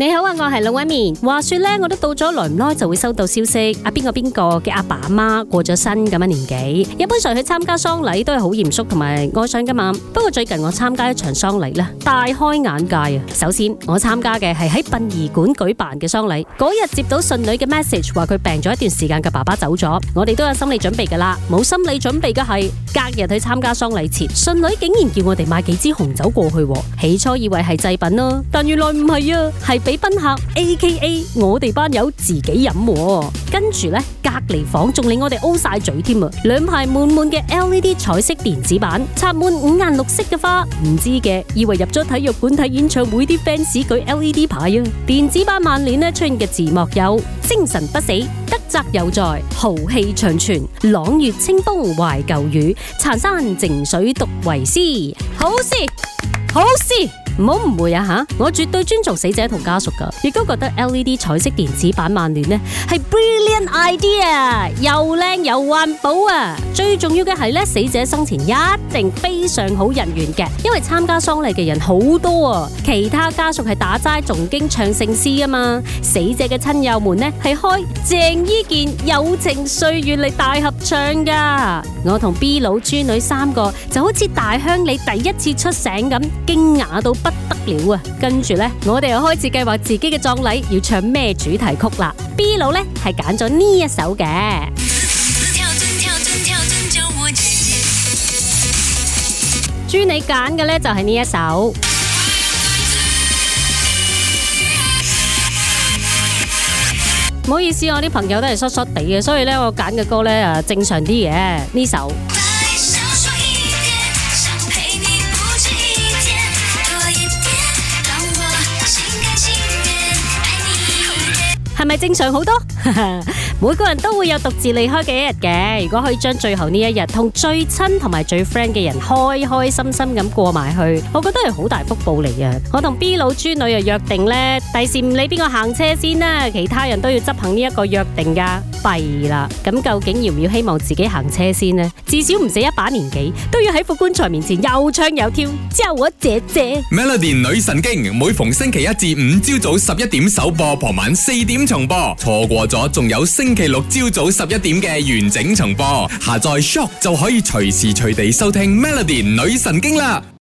你好啊，我係龍紋敏。話說咧，我都到咗來唔耐就會收到消息，阿邊個邊個嘅阿爸阿媽過咗身咁嘅年紀。一般上去參加喪禮都係好嚴肅同埋哀傷噶嘛。不過最近我參加一場喪禮咧，大開眼界啊！首先我參加嘅係喺殯儀館舉辦嘅喪禮。嗰日接到信女嘅 message，話佢病咗一段時間嘅爸爸走咗。我哋都有心理準備噶啦，冇心理準備嘅係隔日去參加喪禮前，信女竟然叫我哋買幾支紅酒過去。起初以為係祭品囉，但原來唔係啊，係，俾賓客，A K A 我哋班友自己飲。跟住咧，隔離房仲令我哋 O 晒嘴添啊！兩排滿滿嘅 L E D 彩色電子板，插滿五顏六色嘅花。唔知嘅以為入咗體育館睇演唱會啲 fans 舉 L E D 牌啊！電子版萬年咧出現嘅字幕有：精神不死，德澤猶在，豪氣長存，朗月清風懷舊雨，殘山靜水獨為詩。好詩，好詩。唔好誤會啊吓、啊，我絕對尊重死者同家屬噶，亦都覺得 LED 彩色電子版輓聯，呢係 brilliant idea，又靚又環保啊！最重要嘅係咧，死者生前一定非常好人緣嘅，因為參加喪禮嘅人好多啊，其他家屬係打齋誦經唱聖詩啊嘛，死者嘅親友們呢係開鄭伊健友情歲月嚟大合唱噶，我同 B 佬豬女三個就好似大鄉里第一次出醒咁驚訝到。不得了啊！跟住咧，我哋又開始計劃自己嘅葬禮要唱咩主題曲啦。B 佬咧係揀咗呢一首嘅。豬你揀嘅咧就係呢一首。唔 好意思，我啲朋友都係 short short 哋嘅，所以咧我揀嘅歌咧誒正常啲嘅呢首。 係咪正常好多？ 每個人都會有獨自離開嘅一日嘅，如果可以將最後呢一日同最親同埋最 friend 嘅人開開心心咁過埋去，我覺得係好大福報嚟嘅。我同 B 老豬女又約定呢，第時唔理邊個行車先啦，其他人都要執行呢一個約定噶。弊啦，咁究竟要唔要希望自己行車先呢？至少唔捨一把年紀，都要喺副棺材面前又唱又跳，周啊姐姐。Melody 女神經，每逢星期一至五朝早十一點首播，傍晚四點重播，錯過咗仲有星。星期六朝早十一點嘅完整重播，下載 Shop 就可以隨時隨地收聽 Melody 女神經啦。